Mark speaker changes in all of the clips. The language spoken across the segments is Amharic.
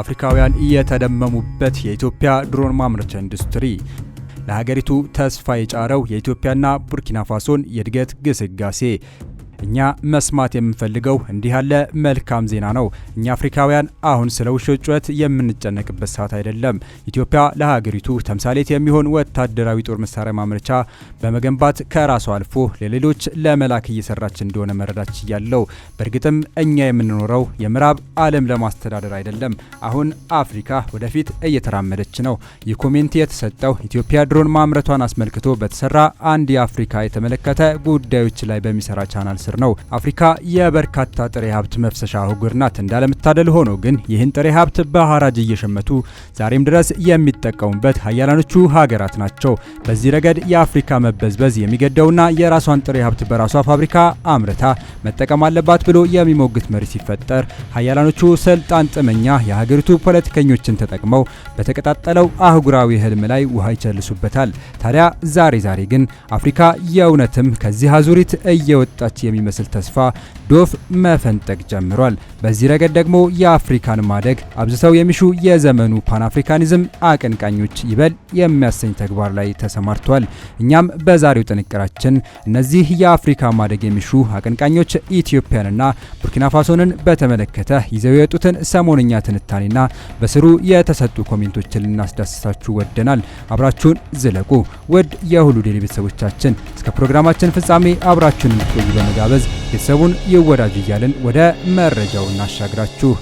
Speaker 1: አፍሪካውያን እየተደመሙበት የኢትዮጵያ ድሮን ማምረቻ ኢንዱስትሪ ለሀገሪቱ ተስፋ የጫረው የኢትዮጵያና ቡርኪና ፋሶን የእድገት ግስጋሴ እኛ መስማት የምንፈልገው እንዲህ ያለ መልካም ዜና ነው። እኛ አፍሪካውያን አሁን ስለ ውሾች ጩኸት የምንጨነቅበት ሰዓት አይደለም። ኢትዮጵያ ለሀገሪቱ ተምሳሌት የሚሆን ወታደራዊ ጦር መሳሪያ ማምረቻ በመገንባት ከራሷ አልፎ ለሌሎች ለመላክ እየሰራች እንደሆነ መረዳች እያለው በእርግጥም እኛ የምንኖረው የምዕራብ ዓለም ለማስተዳደር አይደለም። አሁን አፍሪካ ወደፊት እየተራመደች ነው። ይህ ኮሜንት የተሰጠው ኢትዮጵያ ድሮን ማምረቷን አስመልክቶ በተሰራ አንድ የአፍሪካ የተመለከተ ጉዳዮች ላይ በሚሰራ ቻናል ስር ጭምር ነው። አፍሪካ የበርካታ ጥሬ ሀብት መፍሰሻ አህጉር ናት። እንዳለመታደል ሆኖ ግን ይህን ጥሬ ሀብት በሀራጅ እየሸመቱ ዛሬም ድረስ የሚጠቀሙበት ሀያላኖቹ ሀገራት ናቸው። በዚህ ረገድ የአፍሪካ መበዝበዝ የሚገደውና የራሷን ጥሬ ሀብት በራሷ ፋብሪካ አምርታ መጠቀም አለባት ብሎ የሚሞግት መሪ ሲፈጠር ሀያላኖቹ ስልጣን ጥመኛ የሀገሪቱ ፖለቲከኞችን ተጠቅመው በተቀጣጠለው አህጉራዊ ህልም ላይ ውሃ ይቸልሱበታል። ታዲያ ዛሬ ዛሬ ግን አፍሪካ የእውነትም ከዚህ አዙሪት እየወጣች የሚመስል ተስፋ ዶፍ መፈንጠቅ ጀምሯል። በዚህ ረገድ ደግሞ የአፍሪካን ማደግ አብዝተው የሚሹ የዘመኑ ፓን አፍሪካኒዝም አቀንቃኞች ይበል የሚያሰኝ ተግባር ላይ ተሰማርቷል። እኛም በዛሬው ጥንቅራችን እነዚህ የአፍሪካ ማደግ የሚሹ አቀንቃኞች ኢትዮጵያንና ቡርኪና ፋሶንን በተመለከተ ይዘው የወጡትን ሰሞንኛ ትንታኔና በስሩ የተሰጡ ኮሜንቶችን ልናስዳስሳችሁ ወደናል። አብራችሁን ዝለቁ። ውድ የሁሉ ዴይሊ ቤተሰቦቻችን እስከ ፕሮግራማችን ፍጻሜ አብራችሁን እንድትቆዩ በመጋ በመጋበዝ ቤተሰቡን ይወዳጅ እያልን ወደ መረጃው እናሻግራችሁ።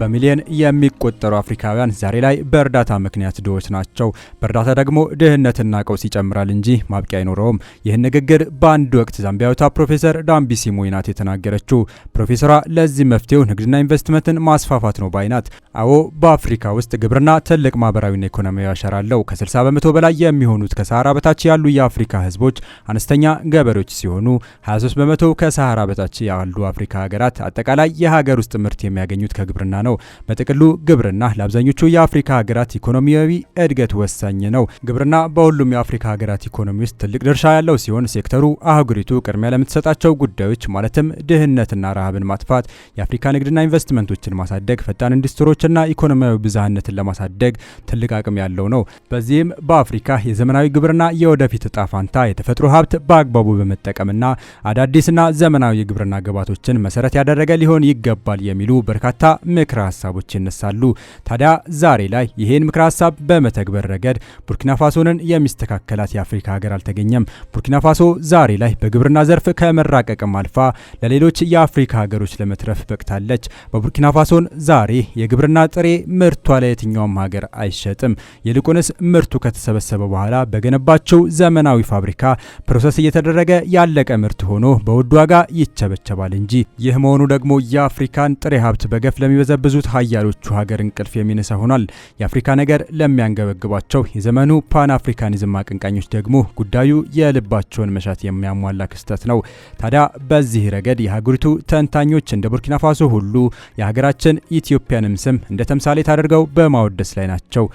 Speaker 1: በሚሊዮን የሚቆጠሩ አፍሪካውያን ዛሬ ላይ በእርዳታ ምክንያት ድሆች ናቸው። በእርዳታ ደግሞ ድህነትና ቀውስ ይጨምራል እንጂ ማብቂያ አይኖረውም። ይህን ንግግር በአንድ ወቅት ዛምቢያዊቷ ፕሮፌሰር ዳምቢሲ ሞይናት የተናገረችው። ፕሮፌሰሯ ለዚህ መፍትሄው ንግድና ኢንቨስትመንትን ማስፋፋት ነው ባይናት። አዎ በአፍሪካ ውስጥ ግብርና ትልቅ ማህበራዊና ኢኮኖሚያዊ አሻራ አለው። ከ60 በመቶ በላይ የሚሆኑት ከሰሃራ በታች ያሉ የአፍሪካ ህዝቦች አነስተኛ ገበሬዎች ሲሆኑ 23 በመቶ ከሰሃራ በታች ያሉ አፍሪካ ሀገራት አጠቃላይ የሀገር ውስጥ ምርት የሚያገኙት ከግብርና ነው። በጥቅሉ ግብርና ለአብዛኞቹ የአፍሪካ ሀገራት ኢኮኖሚያዊ እድገት ወሳኝ ነው። ግብርና በሁሉም የአፍሪካ ሀገራት ኢኮኖሚ ውስጥ ትልቅ ድርሻ ያለው ሲሆን ሴክተሩ አህጉሪቱ ቅድሚያ ለምትሰጣቸው ጉዳዮች ማለትም ድህነትና ረሃብን ማጥፋት፣ የአፍሪካ ንግድና ኢንቨስትመንቶችን ማሳደግ፣ ፈጣን ኢንዱስትሪዎችና ኢኮኖሚያዊ ብዝሃነትን ለማሳደግ ትልቅ አቅም ያለው ነው። በዚህም በአፍሪካ የዘመናዊ ግብርና የወደፊት እጣ ፋንታ የተፈጥሮ ሀብት በአግባቡ በመጠቀምና አዳዲስና ዘመናዊ የግብርና ግባቶችን መሰረት ያደረገ ሊሆን ይገባል የሚሉ በርካታ ምክር ምክረ ሀሳቦች ይነሳሉ። ታዲያ ዛሬ ላይ ይህን ምክረ ሀሳብ በመተግበር ረገድ ቡርኪና ፋሶንን የሚስተካከላት የአፍሪካ ሀገር አልተገኘም። ቡርኪና ፋሶ ዛሬ ላይ በግብርና ዘርፍ ከመራቀቅም አልፋ ለሌሎች የአፍሪካ ሀገሮች ለመትረፍ በቅታለች። በቡርኪና ፋሶን ዛሬ የግብርና ጥሬ ምርቷ ለየትኛውም ሀገር አይሸጥም። ይልቁንስ ምርቱ ከተሰበሰበ በኋላ በገነባቸው ዘመናዊ ፋብሪካ ፕሮሰስ እየተደረገ ያለቀ ምርት ሆኖ በውድ ዋጋ ይቸበቸባል እንጂ ይህ መሆኑ ደግሞ የአፍሪካን ጥሬ ሀብት በገፍ ለሚበዘብ ለብዙት ሀያሎቹ ሀገር እንቅልፍ የሚነሳ ሆኗል። የአፍሪካ ነገር ለሚያንገበግባቸው የዘመኑ ፓን አፍሪካኒዝም አቀንቃኞች ደግሞ ጉዳዩ የልባቸውን መሻት የሚያሟላ ክስተት ነው። ታዲያ በዚህ ረገድ የሀገሪቱ ተንታኞች እንደ ቡርኪና ፋሶ ሁሉ የሀገራችን ኢትዮጵያንም ስም እንደ ተምሳሌ ታደርገው በማወደስ ላይ ናቸው።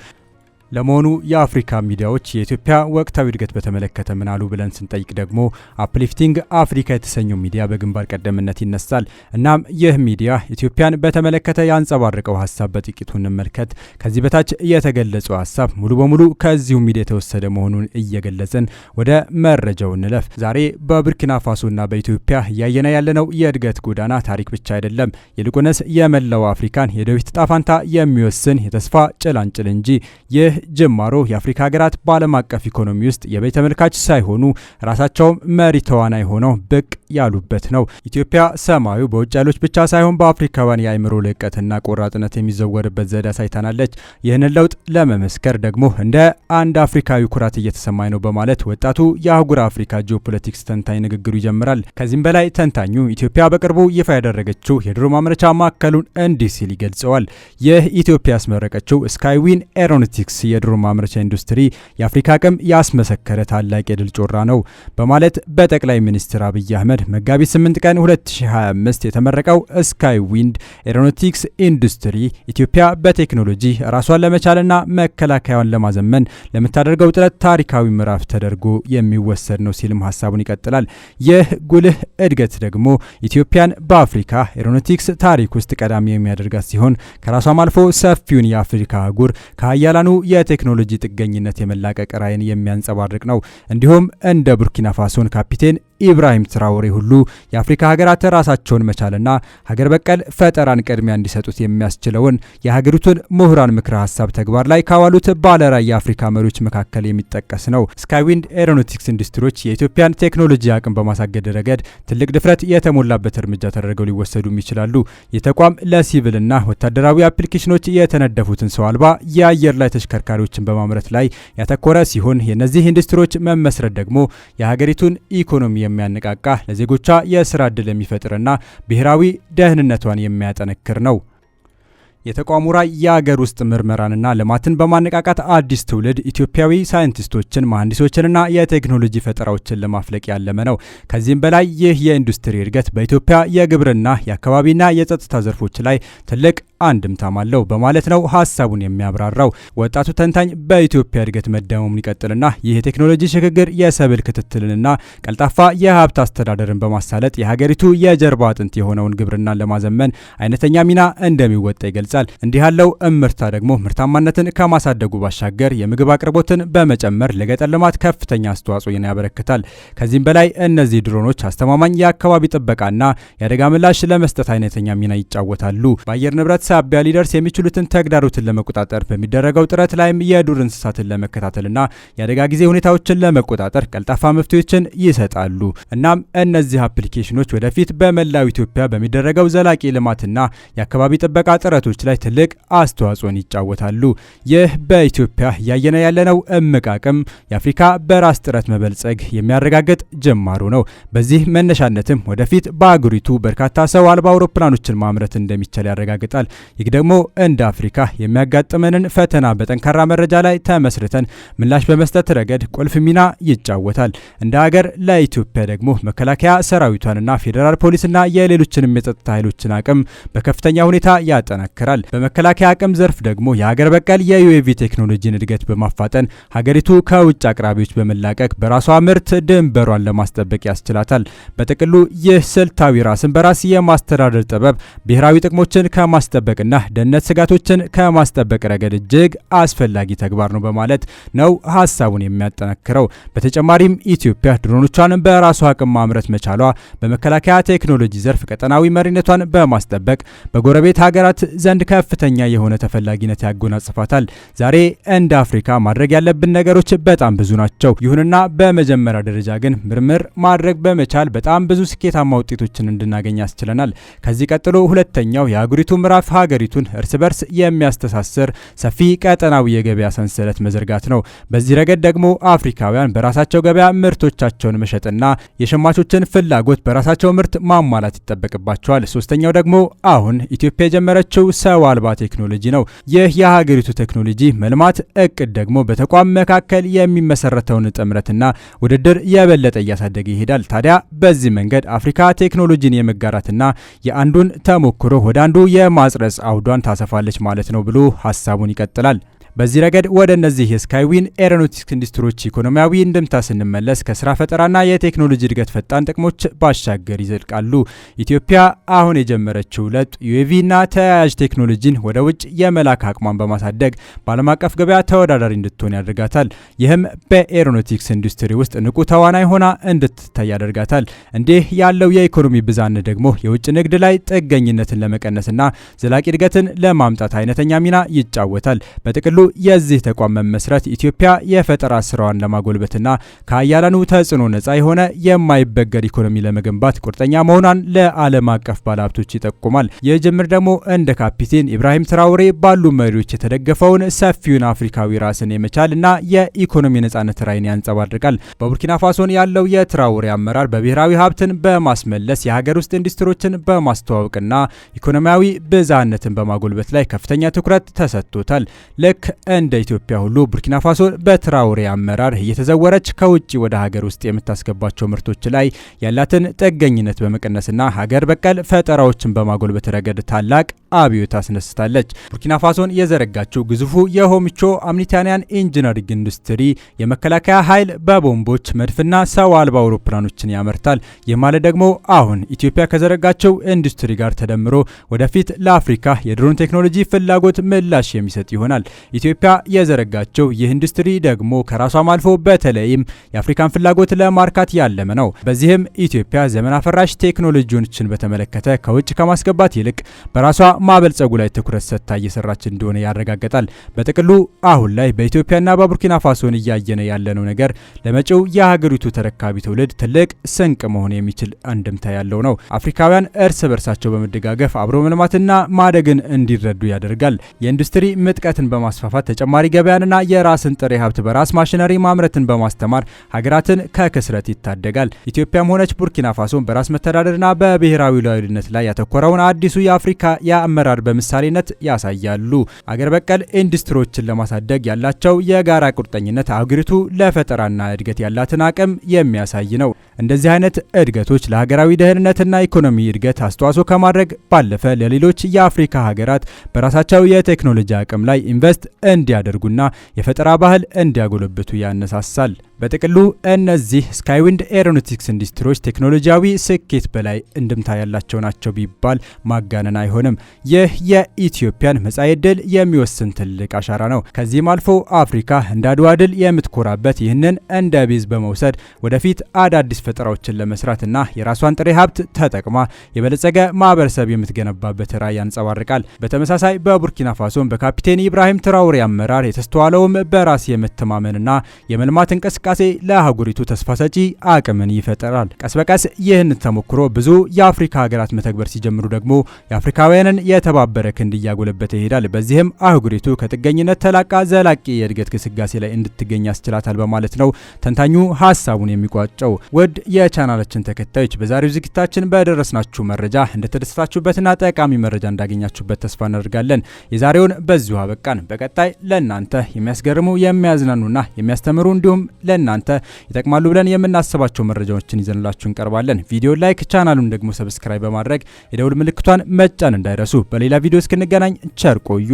Speaker 1: ለመሆኑ የአፍሪካ ሚዲያዎች የኢትዮጵያ ወቅታዊ እድገት በተመለከተ ምን አሉ ብለን ስንጠይቅ ደግሞ አፕሊፍቲንግ አፍሪካ የተሰኘው ሚዲያ በግንባር ቀደምነት ይነሳል። እናም ይህ ሚዲያ ኢትዮጵያን በተመለከተ ያንጸባረቀው ሀሳብ በጥቂቱ እንመልከት። ከዚህ በታች የተገለጸው ሀሳብ ሙሉ በሙሉ ከዚሁ ሚዲያ የተወሰደ መሆኑን እየገለጽን ወደ መረጃው እንለፍ። ዛሬ በቡርኪና ፋሶና በኢትዮጵያ እያየነ ያለነው የእድገት ጎዳና ታሪክ ብቻ አይደለም፣ ይልቁንስ የመላው አፍሪካን የደዊት ጣፋንታ የሚወስን የተስፋ ጭላንጭል እንጂ ይህ ጅማሮ የአፍሪካ ሀገራት በዓለም አቀፍ ኢኮኖሚ ውስጥ የቤተመልካች ሳይሆኑ ራሳቸውም መሪ ተዋናይ ሆነው ብቅ ያሉበት ነው። ኢትዮጵያ ሰማዩ በውጭ ኃይሎች ብቻ ሳይሆን በአፍሪካውያን የአእምሮ ልቀትና ቆራጥነት የሚዘወርበት ዘዴ አሳይታናለች። ይህንን ለውጥ ለመመስከር ደግሞ እንደ አንድ አፍሪካዊ ኩራት እየተሰማኝ ነው በማለት ወጣቱ የአህጉር አፍሪካ ጂኦፖለቲክስ ተንታኝ ንግግሩ ይጀምራል። ከዚህም በላይ ተንታኙ ኢትዮጵያ በቅርቡ ይፋ ያደረገችው የድሮ ማምረቻ ማዕከሉን እንዲህ ሲል ይገልጸዋል። ይህ ኢትዮጵያ ያስመረቀችው ስካይዊን ኤሮኖቲክስ የድሮ ማምረቻ ኢንዱስትሪ የአፍሪካ አቅም ያስመሰከረ ታላቅ የድል ጮራ ነው በማለት በጠቅላይ ሚኒስትር አብይ አህመድ መጋቢት 8 ቀን 2025 የተመረቀው ስካይ ዊንድ ኤሮኖቲክስ ኢንዱስትሪ ኢትዮጵያ በቴክኖሎጂ ራሷን ለመቻልና መከላከያዋን ለማዘመን ለምታደርገው ጥረት ታሪካዊ ምዕራፍ ተደርጎ የሚወሰድ ነው ሲልም ሀሳቡን ይቀጥላል። ይህ ጉልህ እድገት ደግሞ ኢትዮጵያን በአፍሪካ ኤሮኖቲክስ ታሪክ ውስጥ ቀዳሚ የሚያደርጋት ሲሆን ከራሷም አልፎ ሰፊውን የአፍሪካ አህጉር ከሀያላኑ የ የቴክኖሎጂ ጥገኝነት የመላቀቅ ራዕይን የሚያንጸባርቅ ነው። እንዲሁም እንደ ቡርኪና ፋሶን ካፒቴን ኢብራሂም ትራውሬ ሁሉ የአፍሪካ ሀገራት ራሳቸውን መቻልና ሀገር በቀል ፈጠራን ቅድሚያ እንዲሰጡት የሚያስችለውን የሀገሪቱን ምሁራን ምክረ ሀሳብ ተግባር ላይ ካዋሉት ባለራዕይ የአፍሪካ መሪዎች መካከል የሚጠቀስ ነው። ስካይዊንድ ኤሮኖቲክስ ኢንዱስትሪዎች የኢትዮጵያን ቴክኖሎጂ አቅም በማሳገድ ረገድ ትልቅ ድፍረት የተሞላበት እርምጃ ተደርገው ሊወሰዱም ይችላሉ። የተቋም ለሲቪልና ወታደራዊ አፕሊኬሽኖች የተነደፉትን ሰው አልባ የአየር ላይ ተሽከርካሪዎችን በማምረት ላይ ያተኮረ ሲሆን የእነዚህ ኢንዱስትሪዎች መመስረት ደግሞ የሀገሪቱን ኢኮኖሚ የሚያነቃቃ ለዜጎቿ የስራ ዕድል የሚፈጥርና ብሔራዊ ደህንነቷን የሚያጠነክር ነው። የተቋሙ ራዕይ የአገር ውስጥ ምርመራንና ልማትን በማነቃቃት አዲስ ትውልድ ኢትዮጵያዊ ሳይንቲስቶችን፣ መሐንዲሶችንና የቴክኖሎጂ ፈጠራዎችን ለማፍለቅ ያለመ ነው። ከዚህም በላይ ይህ የኢንዱስትሪ እድገት በኢትዮጵያ የግብርና የአካባቢና የጸጥታ ዘርፎች ላይ ትልቅ አንድምታም አለው በማለት ነው ሀሳቡን የሚያብራራው። ወጣቱ ተንታኝ በኢትዮጵያ እድገት መደመሙን ይቀጥልና ይህ የቴክኖሎጂ ሽግግር የሰብል ክትትልንና ቀልጣፋ የሀብት አስተዳደርን በማሳለጥ የሀገሪቱ የጀርባ አጥንት የሆነውን ግብርናን ለማዘመን አይነተኛ ሚና እንደሚወጣ ይገልጻል። እንዲህ ያለው እምርታ ደግሞ ምርታማነትን ከማሳደጉ ባሻገር የምግብ አቅርቦትን በመጨመር ለገጠር ልማት ከፍተኛ አስተዋጽኦን ያበረክታል። ከዚህም በላይ እነዚህ ድሮኖች አስተማማኝ የአካባቢ ጥበቃና የአደጋ ምላሽ ለመስጠት አይነተኛ ሚና ይጫወታሉ። በአየር ንብረት ሳቢያ ሊደርስ የሚችሉትን ተግዳሮትን ለመቆጣጠር በሚደረገው ጥረት ላይም የዱር እንስሳትን ለመከታተልና የአደጋ ጊዜ ሁኔታዎችን ለመቆጣጠር ቀልጣፋ መፍትሄዎችን ይሰጣሉ። እናም እነዚህ አፕሊኬሽኖች ወደፊት በመላው ኢትዮጵያ በሚደረገው ዘላቂ ልማትና የአካባቢ ጥበቃ ጥረቶች ላይ ትልቅ አስተዋጽኦን ይጫወታሉ። ይህ በኢትዮጵያ እያየነ ያለነው እምቅ አቅም የአፍሪካ በራስ ጥረት መበልጸግ የሚያረጋግጥ ጅማሮ ነው። በዚህ መነሻነትም ወደፊት በአገሪቱ በርካታ ሰው አልባ አውሮፕላኖችን ማምረት እንደሚቻል ያረጋግጣል። ይህ ደግሞ እንደ አፍሪካ የሚያጋጥመንን ፈተና በጠንካራ መረጃ ላይ ተመስርተን ምላሽ በመስጠት ረገድ ቁልፍ ሚና ይጫወታል። እንደ ሀገር ለኢትዮጵያ ደግሞ መከላከያ ሰራዊቷንና ፌዴራል ፖሊስና የሌሎችንም የጸጥታ ኃይሎችን አቅም በከፍተኛ ሁኔታ ያጠናክራል። በመከላከያ አቅም ዘርፍ ደግሞ የሀገር በቀል የዩኤቪ ቴክኖሎጂን እድገት በማፋጠን ሀገሪቱ ከውጭ አቅራቢዎች በመላቀቅ በራሷ ምርት ድንበሯን ለማስጠበቅ ያስችላታል። በጥቅሉ ይህ ስልታዊ ራስን በራስ የማስተዳደር ጥበብ ብሔራዊ ጥቅሞችን ከማስጠበቅ የመጠበቅና ደህንነት ስጋቶችን ከማስጠበቅ ረገድ እጅግ አስፈላጊ ተግባር ነው በማለት ነው ሀሳቡን የሚያጠናክረው። በተጨማሪም ኢትዮጵያ ድሮኖቿን በራሷ አቅም ማምረት መቻሏ በመከላከያ ቴክኖሎጂ ዘርፍ ቀጠናዊ መሪነቷን በማስጠበቅ በጎረቤት ሀገራት ዘንድ ከፍተኛ የሆነ ተፈላጊነት ያጎናጽፋታል። ዛሬ እንደ አፍሪካ ማድረግ ያለብን ነገሮች በጣም ብዙ ናቸው። ይሁንና በመጀመሪያ ደረጃ ግን ምርምር ማድረግ በመቻል በጣም ብዙ ስኬታማ ውጤቶችን እንድናገኝ ያስችለናል። ከዚህ ቀጥሎ ሁለተኛው የአገሪቱ ምዕራፍ ሀገሪቱን እርስ በርስ የሚያስተሳስር ሰፊ ቀጠናዊ የገበያ ሰንሰለት መዘርጋት ነው። በዚህ ረገድ ደግሞ አፍሪካውያን በራሳቸው ገበያ ምርቶቻቸውን መሸጥና የሸማቾችን ፍላጎት በራሳቸው ምርት ማሟላት ይጠበቅባቸዋል። ሶስተኛው ደግሞ አሁን ኢትዮጵያ የጀመረችው ሰው አልባ ቴክኖሎጂ ነው። ይህ የሀገሪቱ ቴክኖሎጂ መልማት እቅድ ደግሞ በተቋም መካከል የሚመሰረተውን ጥምረትና ውድድር የበለጠ እያሳደገ ይሄዳል። ታዲያ በዚህ መንገድ አፍሪካ ቴክኖሎጂን የመጋራትና የአንዱን ተሞክሮ ወደ አንዱ የማጽረ ድረስ አውዷን ታሰፋለች ማለት ነው ብሎ ሀሳቡን ይቀጥላል። በዚህ ረገድ ወደ እነዚህ የስካይዊን ኤሮኖቲክስ ኢንዱስትሪዎች ኢኮኖሚያዊ እንድምታ ስንመለስ ከስራ ፈጠራና የቴክኖሎጂ እድገት ፈጣን ጥቅሞች ባሻገር ይዘልቃሉ። ኢትዮጵያ አሁን የጀመረችው ለውጥ ዩኤቪና ተያያዥ ቴክኖሎጂን ወደ ውጭ የመላክ አቅሟን በማሳደግ በዓለም አቀፍ ገበያ ተወዳዳሪ እንድትሆን ያደርጋታል። ይህም በኤሮኖቲክስ ኢንዱስትሪ ውስጥ ንቁ ተዋናይ ሆና እንድትታይ ያደርጋታል። እንዲህ ያለው የኢኮኖሚ ብዝሃነት ደግሞ የውጭ ንግድ ላይ ጥገኝነትን ለመቀነስና ዘላቂ እድገትን ለማምጣት አይነተኛ ሚና ይጫወታል። በጥቅሉ የዚህ ተቋም መመስረት ኢትዮጵያ የፈጠራ ስራዋን ለማጎልበትና ከአያላኑ ተጽዕኖ ነጻ የሆነ የማይበገር ኢኮኖሚ ለመገንባት ቁርጠኛ መሆኗን ለዓለም አቀፍ ባለሀብቶች ይጠቁማል። ይህ ጅምር ደግሞ እንደ ካፒቴን ኢብራሂም ትራውሬ ባሉ መሪዎች የተደገፈውን ሰፊውን አፍሪካዊ ራስን የመቻል እና የኢኮኖሚ ነጻነት ራይን ያንጸባርቃል። በቡርኪና ፋሶን ያለው የትራውሬ አመራር በብሔራዊ ሀብትን በማስመለስ የሀገር ውስጥ ኢንዱስትሪዎችን በማስተዋወቅና ኢኮኖሚያዊ ብዝሃነትን በማጎልበት ላይ ከፍተኛ ትኩረት ተሰጥቶታል። ልክ እንደ ኢትዮጵያ ሁሉ ቡርኪና ፋሶ በትራውሬ አመራር እየተዘወረች ከውጭ ወደ ሀገር ውስጥ የምታስገባቸው ምርቶች ላይ ያላትን ጥገኝነት በመቀነስና ሀገር በቀል ፈጠራዎችን በማጎልበት ረገድ ታላቅ አብዮት አስነስታለች። ቡርኪና ፋሶን የዘረጋችው ግዙፉ የሆሚቾ አምኒታንያን ኢንጂነሪንግ ኢንዱስትሪ የመከላከያ ኃይል በቦምቦች መድፍና ሰው አልባ አውሮፕላኖችን ያመርታል። ይህ ማለት ደግሞ አሁን ኢትዮጵያ ከዘረጋቸው ኢንዱስትሪ ጋር ተደምሮ ወደፊት ለአፍሪካ የድሮን ቴክኖሎጂ ፍላጎት ምላሽ የሚሰጥ ይሆናል። ኢትዮጵያ የዘረጋቸው ይህ ኢንዱስትሪ ደግሞ ከራሷም አልፎ በተለይም የአፍሪካን ፍላጎት ለማርካት ያለመ ነው። በዚህም ኢትዮጵያ ዘመን አፈራሽ ቴክኖሎጂዎችን በተመለከተ ከውጭ ከማስገባት ይልቅ በራሷ ማበልጸጉ ላይ ትኩረት ሰጥታ እየሰራች እንደሆነ ያረጋግጣል። በጥቅሉ አሁን ላይ በኢትዮጵያና በቡርኪና ፋሶን እያየነ ያለነው ነገር ለመጪው የሀገሪቱ ተረካቢ ትውልድ ትልቅ ስንቅ መሆን የሚችል አንድምታ ያለው ነው። አፍሪካውያን እርስ በርሳቸው በመደጋገፍ አብሮ መልማትና ማደግን እንዲረዱ ያደርጋል። የኢንዱስትሪ ምጥቀትን በማስፋፋት ማስፋፋት ተጨማሪ ገበያንና የራስን ጥሬ ሀብት በራስ ማሽነሪ ማምረትን በማስተማር ሀገራትን ከክስረት ይታደጋል። ኢትዮጵያም ሆነች ቡርኪና ፋሶን በራስ መተዳደርና በብሔራዊ ሉዓላዊነት ላይ ያተኮረውን አዲሱ የአፍሪካ የአመራር በምሳሌነት ያሳያሉ። አገር በቀል ኢንዱስትሪዎችን ለማሳደግ ያላቸው የጋራ ቁርጠኝነት አህጉሪቱ ለፈጠራና እድገት ያላትን አቅም የሚያሳይ ነው። እንደዚህ አይነት እድገቶች ለሀገራዊ ደህንነትና ኢኮኖሚ እድገት አስተዋጽኦ ከማድረግ ባለፈ ለሌሎች የአፍሪካ ሀገራት በራሳቸው የቴክኖሎጂ አቅም ላይ ኢንቨስት እንዲያደርጉና የፈጠራ ባህል እንዲያጎለብቱ ያነሳሳል። በጥቅሉ እነዚህ ስካይዊንድ ኤሮኖቲክስ ኢንዱስትሪዎች ቴክኖሎጂያዊ ስኬት በላይ እንድምታ ያላቸው ናቸው ቢባል ማጋነን አይሆንም። ይህ የኢትዮጵያን መጻኢ ዕድል የሚወስን ትልቅ አሻራ ነው። ከዚህም አልፎ አፍሪካ እንደ አድዋ ድል የምትኮራበት ይህንን እንደ ቤዝ በመውሰድ ወደፊት አዳዲስ ፈጠራዎችን ለመስራትና የራሷን ጥሬ ሀብት ተጠቅማ የበለጸገ ማህበረሰብ የምትገነባበት ራዕይ ያንጸባርቃል። በተመሳሳይ በቡርኪና ፋሶም በካፒቴን ኢብራሂም ትራውሬ አመራር የተስተዋለውም በራስ የመተማመንና የመልማት እንቅስቃሴ እንቅስቃሴ ለአህጉሪቱ ተስፋ ሰጪ አቅምን ይፈጠራል። ቀስ በቀስ ይህን ተሞክሮ ብዙ የአፍሪካ ሀገራት መተግበር ሲጀምሩ ደግሞ የአፍሪካውያንን የተባበረ ክንድ እያጎለበተ ይሄዳል። በዚህም አህጉሪቱ ከጥገኝነት ተላቃ ዘላቂ የእድገት ግስጋሴ ላይ እንድትገኝ ያስችላታል በማለት ነው ተንታኙ ሀሳቡን የሚቋጨው። ውድ የቻናላችን ተከታዮች በዛሬው ዝግጅታችን በደረስናችሁ መረጃ እንደተደሰታችሁበትና ጠቃሚ መረጃ እንዳገኛችሁበት ተስፋ እናደርጋለን። የዛሬውን በዚሁ አበቃን። በቀጣይ ለእናንተ የሚያስገርሙ የሚያዝናኑና የሚያስተምሩ እንዲሁም ለእናንተ ይጠቅማሉ ብለን የምናስባቸው መረጃዎችን ይዘንላችሁ እንቀርባለን። ቪዲዮ ላይክ፣ ቻናሉን ደግሞ ሰብስክራይብ በማድረግ የደውል ምልክቷን መጫን እንዳይረሱ። በሌላ ቪዲዮ እስክንገናኝ ቸር ቆዩ።